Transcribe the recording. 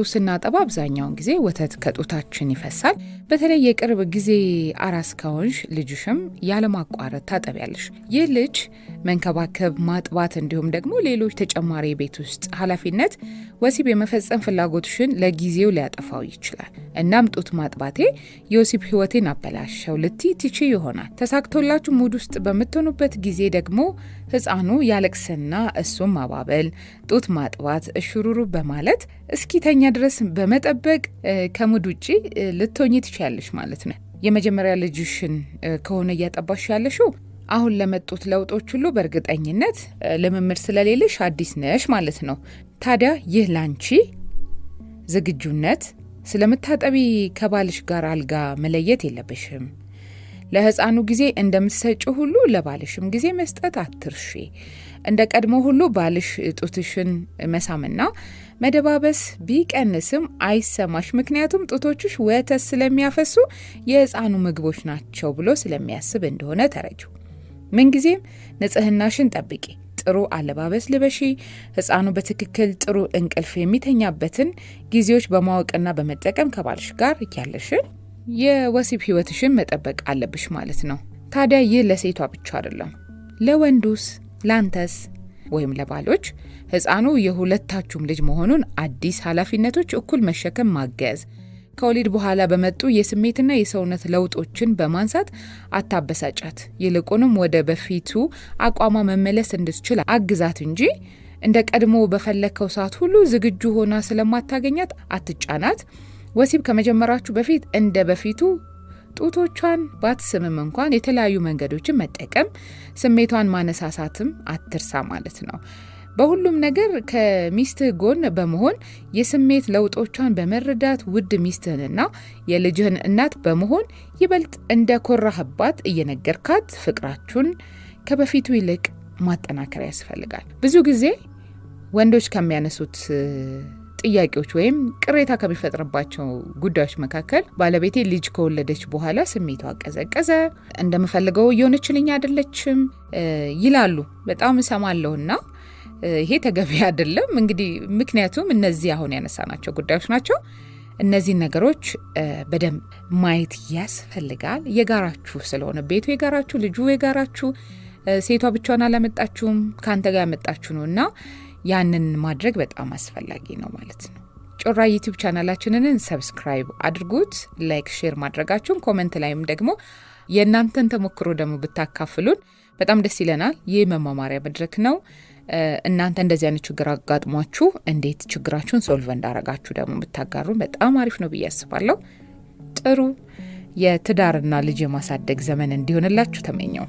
ጡት ስናጠባ አብዛኛውን ጊዜ ወተት ከጡታችን ይፈሳል። በተለይ የቅርብ ጊዜ አራስ ከሆንሽ ልጅሽም ያለማቋረጥ ታጠቢያለሽ። ይህ ልጅ መንከባከብ፣ ማጥባት እንዲሁም ደግሞ ሌሎች ተጨማሪ የቤት ውስጥ ኃላፊነት ወሲብ የመፈጸም ፍላጎትሽን ለጊዜው ሊያጠፋው ይችላል። እናም ጡት ማጥባቴ የወሲብ ህይወቴን አበላሸው ልቲ ትቺ ይሆናል። ተሳክቶላችሁ ሙድ ውስጥ በምትሆኑበት ጊዜ ደግሞ ህፃኑ ያለቅስና እሱም ማባበል፣ ጡት ማጥባት፣ እሽሩሩ በማለት እስኪተኛ ድረስ በመጠበቅ ከሙድ ውጭ ልትሆኝ ትችያለሽ ማለት ነው። የመጀመሪያ ልጅሽን ከሆነ እያጠባሽ ያለሽው አሁን ለመጡት ለውጦች ሁሉ በእርግጠኝነት ልምምድ ስለሌለሽ አዲስ ነሽ ማለት ነው። ታዲያ ይህ ላንቺ ዝግጁነት ስለምታጠቢ ከባልሽ ጋር አልጋ መለየት የለብሽም። ለሕፃኑ ጊዜ እንደምትሰጭ ሁሉ ለባልሽም ጊዜ መስጠት አትርሺ። እንደ ቀድሞ ሁሉ ባልሽ ጡትሽን መሳምና መደባበስ ቢቀንስም አይሰማሽ፣ ምክንያቱም ጡቶችሽ ወተት ስለሚያፈሱ የሕፃኑ ምግቦች ናቸው ብሎ ስለሚያስብ እንደሆነ ተረጁ። ምንጊዜም ንጽህናሽን ጠብቂ። ጥሩ አለባበስ ልበሺ። ህፃኑ በትክክል ጥሩ እንቅልፍ የሚተኛበትን ጊዜዎች በማወቅና በመጠቀም ከባልሽ ጋር ያለሽን የወሲብ ህይወትሽን መጠበቅ አለብሽ ማለት ነው። ታዲያ ይህ ለሴቷ ብቻ አይደለም፣ ለወንዱስ፣ ላንተስ ወይም ለባሎች ህፃኑ የሁለታችሁም ልጅ መሆኑን አዲስ ኃላፊነቶች እኩል መሸከም ማገዝ ከወሊድ በኋላ በመጡ የስሜትና የሰውነት ለውጦችን በማንሳት አታበሳጫት። ይልቁንም ወደ በፊቱ አቋሟ መመለስ እንድትችል አግዛት እንጂ እንደ ቀድሞ በፈለግከው ሰዓት ሁሉ ዝግጁ ሆና ስለማታገኛት አትጫናት። ወሲብ ከመጀመራችሁ በፊት እንደ በፊቱ ጡቶቿን ባትስምም እንኳን የተለያዩ መንገዶችን መጠቀም፣ ስሜቷን ማነሳሳትም አትርሳ ማለት ነው። በሁሉም ነገር ከሚስትህ ጎን በመሆን የስሜት ለውጦቿን በመረዳት ውድ ሚስትህንና የልጅህን እናት በመሆን ይበልጥ እንደ ኮራህባት እየነገርካት ፍቅራችሁን ከበፊቱ ይልቅ ማጠናከር ያስፈልጋል። ብዙ ጊዜ ወንዶች ከሚያነሱት ጥያቄዎች ወይም ቅሬታ ከሚፈጥርባቸው ጉዳዮች መካከል ባለቤቴ ልጅ ከወለደች በኋላ ስሜቷ ቀዘቀዘ፣ እንደምፈልገው እየሆነችልኝ አይደለችም ይላሉ። በጣም እሰማለሁና ይሄ ተገቢ አይደለም። እንግዲህ ምክንያቱም እነዚህ አሁን ያነሳናቸው ጉዳዮች ናቸው። እነዚህን ነገሮች በደንብ ማየት ያስፈልጋል። የጋራችሁ ስለሆነ ቤቱ የጋራችሁ፣ ልጁ የጋራችሁ፣ ሴቷ ብቻዋን አላመጣችሁም፣ ከአንተ ጋር ያመጣችሁ ነው እና ያንን ማድረግ በጣም አስፈላጊ ነው ማለት ነው። ጮራ ዩቲዩብ ቻናላችንን ሰብስክራይብ አድርጉት። ላይክ፣ ሼር ማድረጋችሁን ኮመንት ላይም ደግሞ የእናንተን ተሞክሮ ደግሞ ብታካፍሉን በጣም ደስ ይለናል። ይህ መማማሪያ መድረክ ነው። እናንተ እንደዚህ አይነት ችግር አጋጥሟችሁ እንዴት ችግራችሁን ሶልቭ እንዳረጋችሁ ደግሞ ብታጋሩን በጣም አሪፍ ነው ብዬ አስባለሁ። ጥሩ የትዳርና ልጅ የማሳደግ ዘመን እንዲሆንላችሁ ተመኘው።